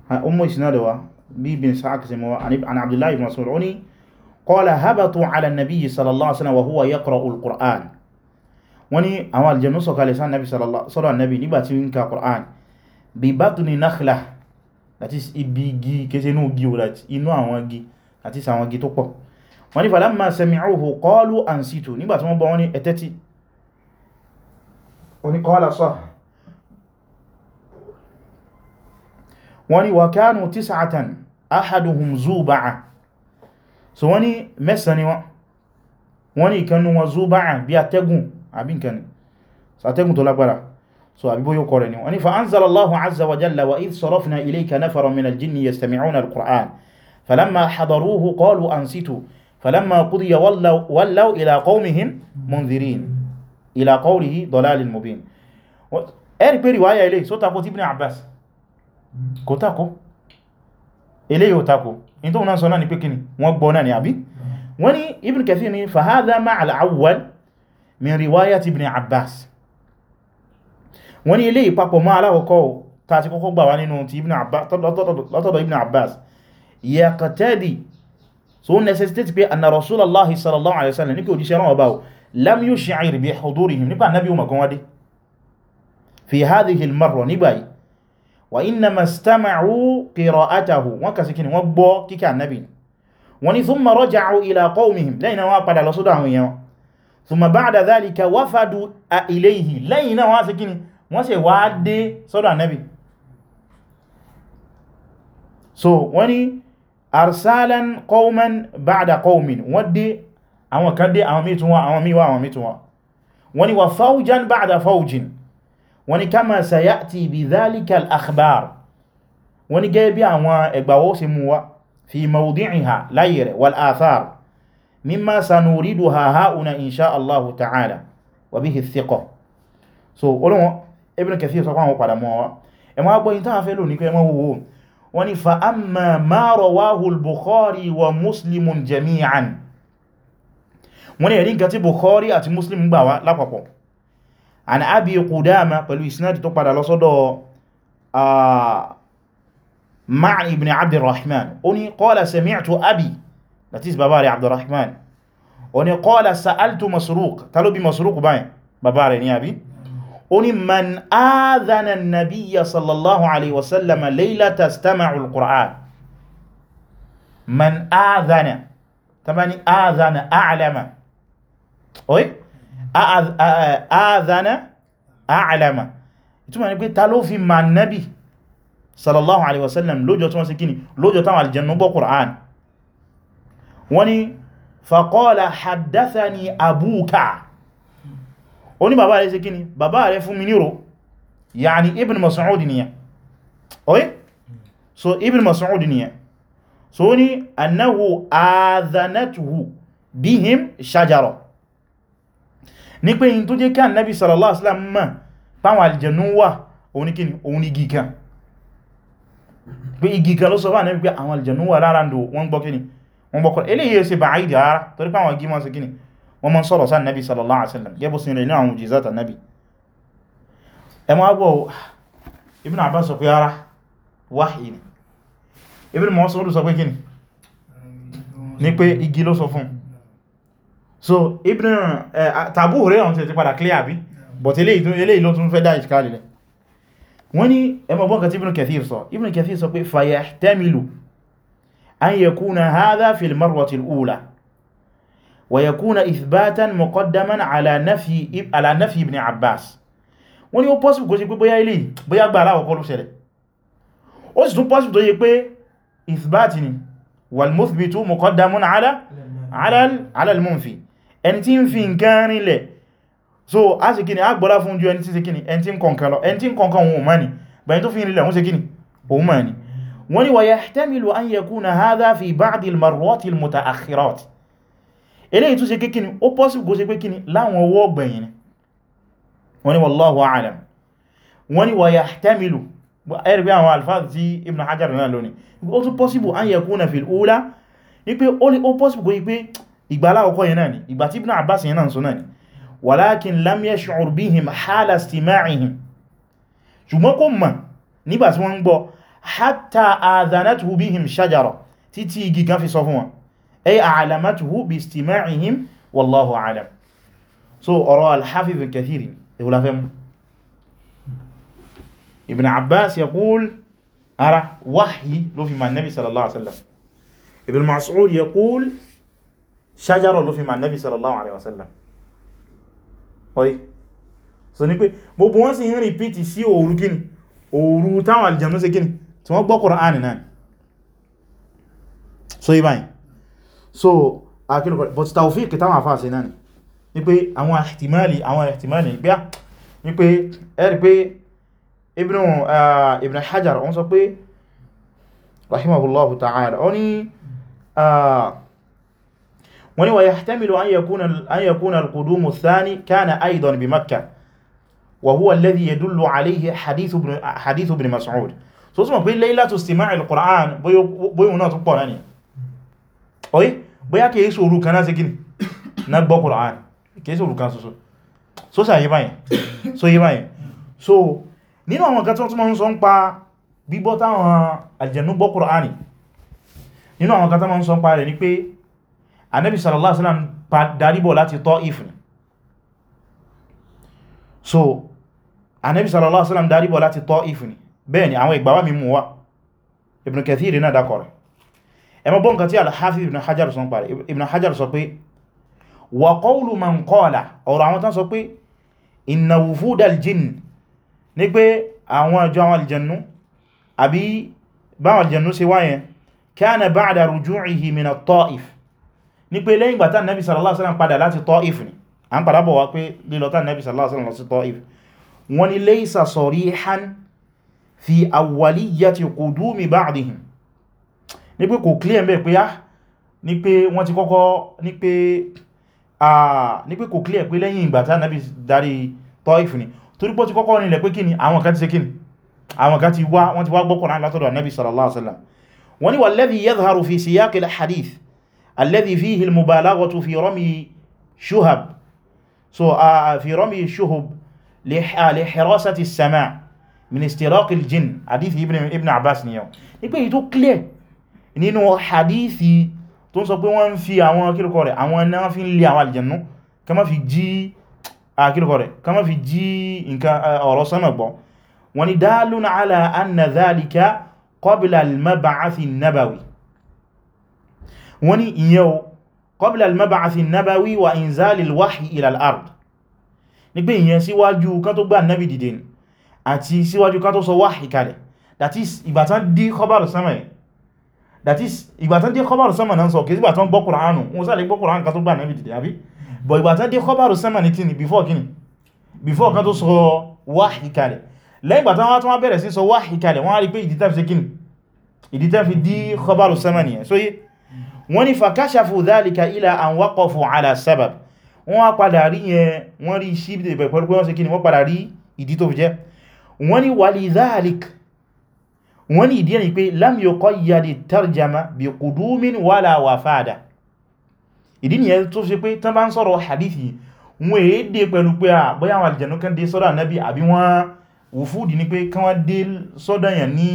ah, ìsinádọwà bí ibn Sa'ad sí mọ́ an Abdullahi ibn Mas'ud ó ní qala habatu ala nabi sallallahu alaihi wasallam wa huwa yaqra'u al-Qur'an wọ́n ní aljannu sọ̀kalẹ̀ sáà nabi sallallahu alaihi wasallam nígbàtí ń Qur'an bí bátúni náklá that is ibi igi kése inú igi o that inú àwọn igi àti sàwọn igi tó pọ̀ wọ́n ní falamma sami'uhu qalu ansitu nígbàtí wọ́n bọ́ wọ́n ní ẹ̀tẹ́tì oníkọ́lá sọ wọ́n ní wa kanu tis'atan ahaduhum zuba'a so wọ́n ní ni wọ́n wọ́n ní ìkanu so àbí bóyá kọrẹ ni wọ́n ní fa'anzala Allahu azza wa jalla wa idh sarafna ilayka nafaran min al-jinni yastami'una al-Qur'an falamma hadaruhu qalu ansitu falamma qudiya wallaw ila qawmihim munzirin ila qawlihi dalalin mubin ẹ̀rì pé riwaya ilé so tako ti Ibn Abbas kò tako ilé yóò tako in tó náà sọ náà ni pé kíni wọ́n gbọ́ náà ni àbí wọ́n Ibn Kathir ni fahadha ma'al awwal min riwayati Ibn Abbas wọ́n ní ilé ìpapọ̀ mọ́ aláwọ̀kọ́ ta ti kọ́kọ́ gbà wá nínú ti lọ́tọ̀dọ̀ ibn abbas yaqtadi so necessitate pé anna rasulallah sallallahu alaihi wasallam ní kí òjíṣẹ́ rán ọba o lam yush'ir ila qawmihim lẹ́yìn náà wọ́n padà lọ sódọ̀ àwọn èèyàn thumma ba'da dhalika wafadu ilayhi lẹ́yìn náà wọ́n sí kí wọ́n ṣe wá dé sọ́dọ̀ ànábì so wọ́n ni arsalan qawman ba'da qawmin wọ́n dé àwọn kan dé àwọn mítún wọn àwọn míwá àwọn mítún wọn wọ́n ni wa fawjan ba'da fawjin wọ́n ni kama sayati bi dhalika al-akhbar wọ́n ni gẹ́gẹ́ bí àwọn ẹgbàwó sí mú wa fi mawdi'iha láyé rẹ̀ wal athar mimma sanuriduha ha'una insha Allah ta'ala wa bihi thiqa so olóhun Ibn Kathir sọ fáwọn padà mọ́ wa ẹmọ́ agbóyin tàà fẹ́ lò ní pé ẹmọ́ wo wọ́n ni fa amma ma rawahu al-Bukhari wa Muslimun jami'an wọ́n ni ẹ̀rí nǹkan tí Bukhari àti Muslim gbà wá lápapọ̀ an Abi Qudama pẹ̀lú isnadi tó padà lọ́sọ́dọ̀ Ma'n ibn Abdurrahman ó ní qala sami'tu abi that is bàbá rẹ̀ Abdurrahman ó ní qala sa'altu Masruq ta Masruq báyìí bàbá rẹ̀ ní abi ó ní man áádánà nàbíyà sallallahu alaihi wasallam laylata stama'ul qur'an man áádánà tàbí áádánà a'lama oi áádánà a'lama ìtumọ̀ ní pé ta ló fi ma nabi sallallahu alaihi wasallam lọ́jọ́ tí wọ́n sí kíni lọ́jọ́ táwọn aljannu gbọ́ qur'an wọ́n ní faqala haddathani abúka ó ní bàbá rẹ̀ ṣe kíni bàbá rẹ̀ fún mi ní ro yàní ibn Mas'ud nìyẹn oye so ibn Mas'ud nìyẹn so ó ní annahu adhanatuhu bihim shajara ní pé in tó jẹ́ kí annabi sallallahu alaihi wasallam mọ̀ páwọn aljannu wà òun kíni òun igi kan pé igi kan ló sọ fún annabi pé àwọn aljannu wà lára ndò wọ́n gbọ́ kíni wọ́n gbọ́kọ̀ eléyìí ṣe bàáyìí dára torí páwọn igi mọ́ sí kíni wọ́n mọ́ sọ̀rọ̀ sáà nẹ́bí sallallahu alaihi wasallam gẹ́bù sí ilé àwọn òjìzáta nẹ́bí ẹ ma gbọ́ Ibn Abbas sọ pé ara wáhì ni Ibn Mas'ud sọ pé kíni ní pé igi ló sọ fún so Ibn tàbú rẹ̀ ọ̀n ti padà clear bí but eléyìí ló tún fẹ́ dá ìṣkálì lẹ wọ́n ní ẹmọ bọ́n kan tí Ibn Kathir sọ Ibn Kathir sọ pé fayahtamilu an yakuna hadha fil marwati ula ويكون إثباتا مقدما على نفي على نفي ابن عباس wọ́n ni ó possible kó ṣe pé bóyá ilé bóyá gbà aláwọ̀kọ́ ló ṣẹlẹ̀ ó sì tún possible tó yẹ pé ìsìbáàtì ni walmuthbitu muqaddamun ala ala al-munfi ẹni tí ń fi nǹkan rinlẹ̀ so a ṣe kíni a gbọ́lá fún ju ẹni tí ṣe kíni ẹni tí ń kọ̀nkan lọ ẹni tí ń kọ̀nkan ma ni bẹ̀yìn tó fi rinlẹ̀ wọ́n ṣe kíni òun ma ni wọ́n ni wa yahtamilu an yakuna hadha fi ba'd al-marrat al-muta'akhirat eléyìí tún ṣe pé kíni ó possible kó ṣe pé kíni láwọn ọwọ́ ọ̀gbẹ̀yìn ni wọ́n ni wallahu a'lam wọ́n ni wa yahtamilu ẹ̀rẹ̀gbẹ́ àwọn alfáàdì tí Ibn Hajar náà lónìí possible an yakuna fil ula ní pé ó possible kó yí pé ìgbà aláwọ̀kọ́ yẹn náà ni ìgbà tí Ibn Abbas yẹn náà sọ náà títí igi kan fi sọ fún wọn ay a'lamatuhu bi istima'ihim wallahu a'lam so ọ̀rọ̀ al-Hafiz Kathir ìwòláfẹ́mù Ibn Abbas yaqul ara wahyi ló fi ma nabi sallallahu alaihi wasallam Ibn Mas'ud yaqul shajara ló fi ma nabi sallallahu alaihi wasallam oi so ní pé gbogbo wọn sì ń repeat sí òru kíni òru táwọn aljannu ṣe kíni tí wọ́n gbọ́ Qur'an náà so ibayin so akínúkọ̀ but tawfiq táwọn àfáà sí náà ni wípé àwọn ihtimali àwọn ihtimali ní pé wípé ah, ẹ̀rí pé ibnu ah, ibn hajar wọ́n sọ pé rahimahullahu ta'ala ó ní ah, wọ́n ní wa yahtamilu an yakuna al-qudumu thani kana aidan bi makkah wa huwa alladhi yadullu alayhi hadithu ibn mas'ud so sọ pé laylatu istima' al-qur'an boyo náà tún pọ̀ náà ni oye bóyá kìí sí orú kan náà sí gini na gbọ́ Qur'an kìí sí orú kan so sí àyíbá yìí so yíbá yìí so nínú àwọn kan tí wọ́n tún máa ń sọ ń pa gbígbọ́ táwọn aljannu gbọ́ Qur'an nínú àwọn kan tí wọ́n sọ ń pa rẹ̀ ni pé Ànábì sallallahu so Ànábì sallallahu alaihi wasallam darí bọ̀ láti Taif ni bẹ́ẹ̀ ni àwọn ìgbàwà mi ẹmọ bọ́n kan tí al-Hafiz ibn Hajar sọ pàdé ibn Hajar sọ pé wa qawlu man qala ọ̀rọ̀ àwọn tán sọ pé inna wufud al-jinn ní pé àwọn àjọ àwọn aljannu àbí báwọn aljannu ṣe wáyẹn kana ba'da ruju'ihi min at-Ta'if ní pé lẹ́yìn gbàtà nabi sallallahu alaihi wasallam padà láti Ta'if ni a ń padà sallallahu alaihi ní pé kò clear mẹ́ pé ah ní pé wọ́n ti kọ́kọ́ ní pé ah ní pé kò clear pé lẹ́yìn ìgbà tí Ànábì darí Taif ni torí pé ó ti kọ́kọ́ nílẹ̀ pé kíni àwọn kan ti ṣe kíni àwọn kan ti wá wọ́n ti wá gbọ́ Kùránì so uh, fi rami shuhub li hirasati as-sama' min istiraq al-jinn hadith ibn ibn Abbas ni yo ní pé tó clear nínú hadithi tó ń sọ pé wọ́n ń fi àwọn kílùkọ rẹ̀ àwọn náà fi ń lè àwọn àlìjẹ̀nú kama fi jí àkílùkọ rẹ̀ kama fi jí nǹkan ọ̀rọ̀ sánà gbọ́ wọ́n ni dalun ala anna dhalika qabla al-mab'ath an-nabawi wọ́n ni ìyẹn qabla al-mab'ath an-nabawi wa inzal al-wahyi ila al-ard ní pé ìyẹn síwájú kan tó gbà nábì dìde àti síwájú kan tó sọ wáhì kalẹ̀ that is ìbátan dí kọbàrù sánmà that is ìgbà tán dé kọbàrù sánmà náà sọ kìí gbàtán gbọ́ kùránù wọn sáré gbọ́ kùránù kan tó gbà náà dìde àbí bọ̀ ìgbà tán dé kọbàrù sánmà ní kíni before kíni before kan tó sọ wáhì kalẹ̀ lẹ́yìn ìgbà tán wá tán wá bẹ̀rẹ̀ sí sọ wáhì kalẹ̀ wọ́n á rí pé ìdítà fi kíni ìdítà fi dí kọbàrù sánmà nìyẹn so yé wọ́n ni fakashafu dhalika ila an waqafu ala sabab wọ́n wá padà rí yẹn wọ́n rí sí ìbẹ̀pẹ̀lú pé wọ́n ṣe kíni wọ́n padà rí ìdí tó fi jẹ́ wọ́n ni wàlì dhalik wọ́n ní ìdí ẹni pé lam yuqayyadi tarjama bi qudumin wala wafada ìdí nìyẹn tó ṣe pé tán bá ń sọ̀rọ̀ hadithi wọ́n èé dé pẹ̀lú pé à ah, bóyá àwọn àlìjẹ̀nú kan dé sọ́dọ̀ ànábì àbí wọ́n wùfúdì ní pé kán wọ́n dé sọ́dọ̀ yẹn ní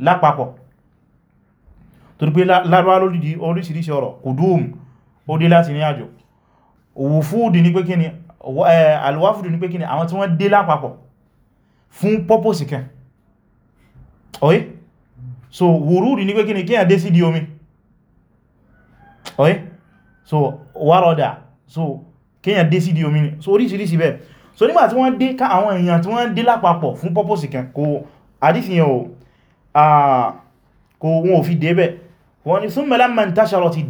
lápapọ̀ torí pé lárúbá lódìdí oríṣiríṣi ọ̀rọ̀ kudum ó dé láti ní àjò wùfúdì ní pé kí ni eh, alwáfúdì ní wọ́n dé lápapọ̀ fún pọ́pọ̀sì kan ọ̀yí so wùrúdì ní pé kí ni kí àdé sí di omi ọ̀yí so wárọ̀dà so kí àdé sí di omi ni so oríṣiríṣi bẹ́ẹ̀ so nígbà tí wọ́n dé ká àwọn èèyàn tí wọ́n dé lápapọ̀ fún pọ́pọ̀sì kan kò àdífihàn o kò wọn ò fi débẹ̀ wọ́n ni summa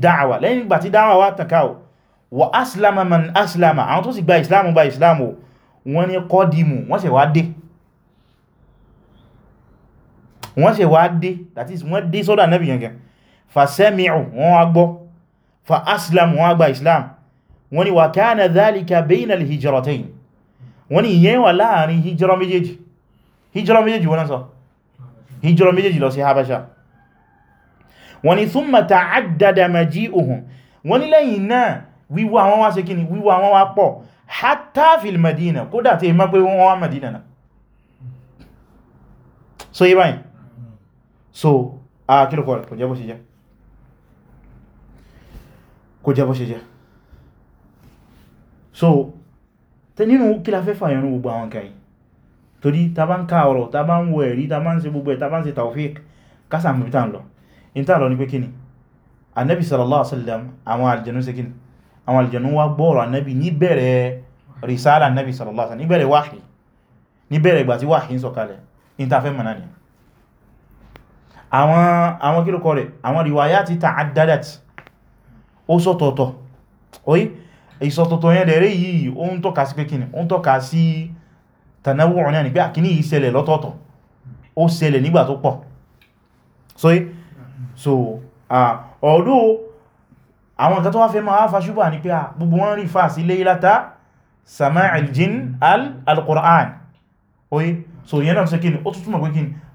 da'wa lẹ́yìn ìgbà da'wa wá tàkà o man aslama àwọn tó sì gba ìsìlámù gba ìsìlámù wọ́n ni wọ́n ṣe wá dé that is wọ́n dé sọ́dọ̀ Ànábì yẹn gan fasami'u wọ́n wá gbọ́ fa aslam wọ́n wá gba islam wọ́n ní wa kana dhalika bayna al-hijratayn wọ́n ní ìyẹn wà láàrin hijira méjèèjì hijira méjèèjì lọ sí habasha wọ́n ní thumma ta'addada maji'uhum wọ́n ní lẹ́yìn náà wíwá wọn wá ṣe wíwá wọn wá pọ̀ hatta madina kódà tí ẹ pé wọ́n wá madina náà so yí báyìí so a kílùkọ́ rẹ̀ kò jẹ́ bó ṣe jẹ́ kò jẹ́ bó ṣe jẹ́ so tẹ nínú kí la fẹ́ fàyọ ní gbogbo àwọn kẹyìn torí ta bá ń ká ọ̀rọ̀ ta bá ń wo ẹ̀rí ta bá ń ṣe gbogbo ẹ̀ ta bá ń ṣe tawfiq kásà mú ìtàn lọ ìtàn lọ ní pé kíni annabi sallallahu alaihi wasallam àwọn aljanu ṣe kíni àwọn aljanu wá gbọ́ọ̀rọ̀ annabi ní bẹ̀rẹ̀ risala annabi sallallahu alaihi wasallam ní bẹ̀rẹ̀ wahyi ní bẹ̀rẹ̀ ìgbà tí wahyi ń sọ̀kalẹ̀ ìtàn fẹ́ mọ̀ ni àwọn kílùkọ rẹ̀ àwọn riwaya ti ta'addadat ó sọ́tọ̀ọ̀tọ̀ oí ìsọ̀tọ̀tọ̀ yẹn dẹ̀rẹ́ yìí ó ń tọ́ka sí pé kíni ó ń tọ́ka sí tanawwu' náà ni pé àkíní so so ọ̀dọ́ àwọn nǹkan tó wá fẹ́ máa fa ṣúgbà ní pé gbogbo wọn rí fà sí so yẹn náà sẹ́kíni ó tútùmọ̀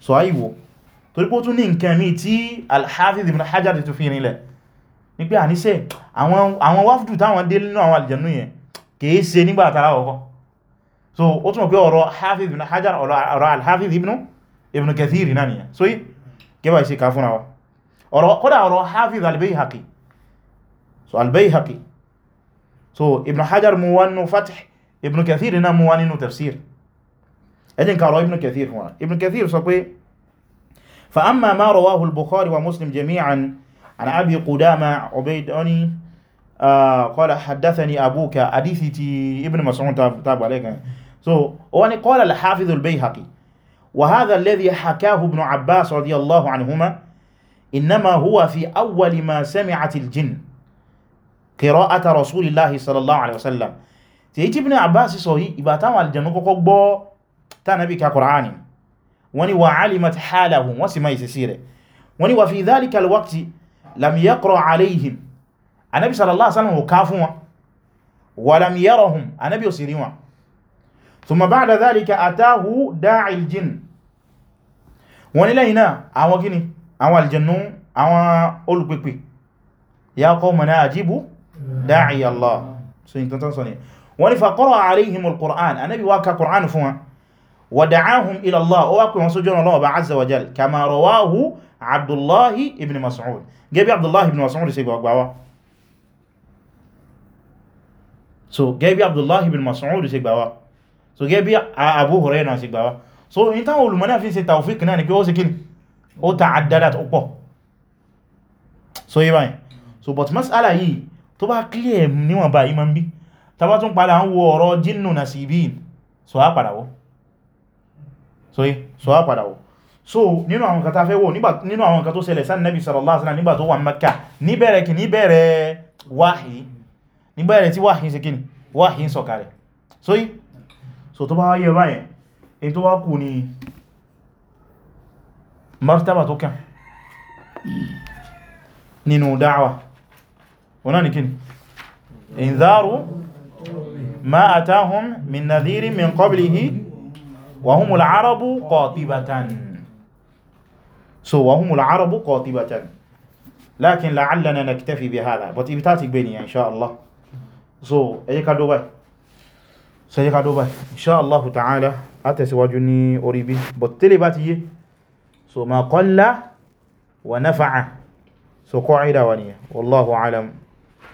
so aiwo torí pó tún ní nǹkan mí tí al-Hafiz ibn Hajar tó fi rinlẹ̀ ní pé àníṣẹ́ àwọn wáfdù táwọn dé nínú àwọn aljannu yẹn kìí ṣe nígbà tara ọkọ́ so ó túnmọ̀ pé ọ̀rọ̀ Hafiz ibn Hajar ọ̀rọ̀ al-Hafiz ibn ibn Kathir náà nìyẹn so yí gẹ́bà ìṣe ká fúnra wa ọ̀rọ̀ kódà ọ̀rọ̀ Hafiz al-Bayhaqi so al-Bayhaqi so ibn Hajar mu wa nínú ibn Kathir náà mu wa nínú tafsir ادي كاروي ابن كثير هنا ابن كثير صقي إيه؟ فاما ما رواه البخاري ومسلم جميعا عن ابي قدامه عبيد اني آه، قال حدثني ابوك حديثي ابن مسعود تاب عليك سو so, وان قال الحافظ البيهقي وهذا الذي حكاه ابن عباس رضي الله عنهما إنما هو في أول ما سمعت الجن قراءة رسول الله صلى الله عليه وسلم تيجي ابن عباس صوي يبقى تعمل الجن وكوكو tánàbí ka kùránì wọ́n ni wà alimat halahu wọ́n sì máa ìsìsí rẹ̀ wọ́n ni wà fi dhalika alwaqti lam yaqra alayhim anabi sallallahu alaihi wasallam ká fún wọn wa lam yarahum anabi ò sì rí wọn thumma ba'da dhalika atahu da'i aljin wọ́n ni lẹ́yìn náà àwọn gini àwọn aljannu àwọn olùpẹ̀pẹ̀ ya qawmana ajibu ودعاهم إلى الله وأكو مسجون الله عز وجل كما رواه عبد الله ابن مسعود جابي عبد الله ابن مسعود سيقوا أقبعوا so gẹ́bí Abdullah ibn Mas'ud ṣe gbàwá so gẹ́bí Abu Hurairah ṣe gbàwá so in táwọn olùmọ́ná fi ṣe tawfiq náà ni pé ó sì kíni ó ta'addadat ó pọ̀ so yí báyìí so but mas'ala yìí tó bá clear níwọ̀n bá imam bí tàbátún padà ń wo ọ̀rọ̀ jinnu nasibin so á padà wọ́ so yí so á padà wò so nínú àwọn kan tá fẹ́ wò nínú àwọn kan tó ṣẹlẹ̀ sáà nẹ́bí sallallahu alaihi wasallam nígbà tó wà Mẹ́kà níbẹ̀rẹ̀ kì níbẹ̀rẹ̀ wáhì níbẹ̀rẹ̀ tí wáhì ṣe kíni wáhì ń sọ̀kalẹ̀ so yí so tó bá wáyé báyẹn èyí tó wá kù ma atahum min nadhirin min qablihi wàhúnmùlá arabu qatibatan so wàhúnmùlá arabu qatibatan lakin la'allana naktafi bi hadha but ibi ta ti gbé nìyàn insha Allah so ẹjẹ́ ká dóbá so ẹjẹ́ ká dóbá insha Allah ta'ala a tẹ̀síwájú ní orí bí but tẹ́lẹ̀ bá ti yé so ma qalla wa nafa'a so kọ́ ìdáwà nìyàn wallahu alam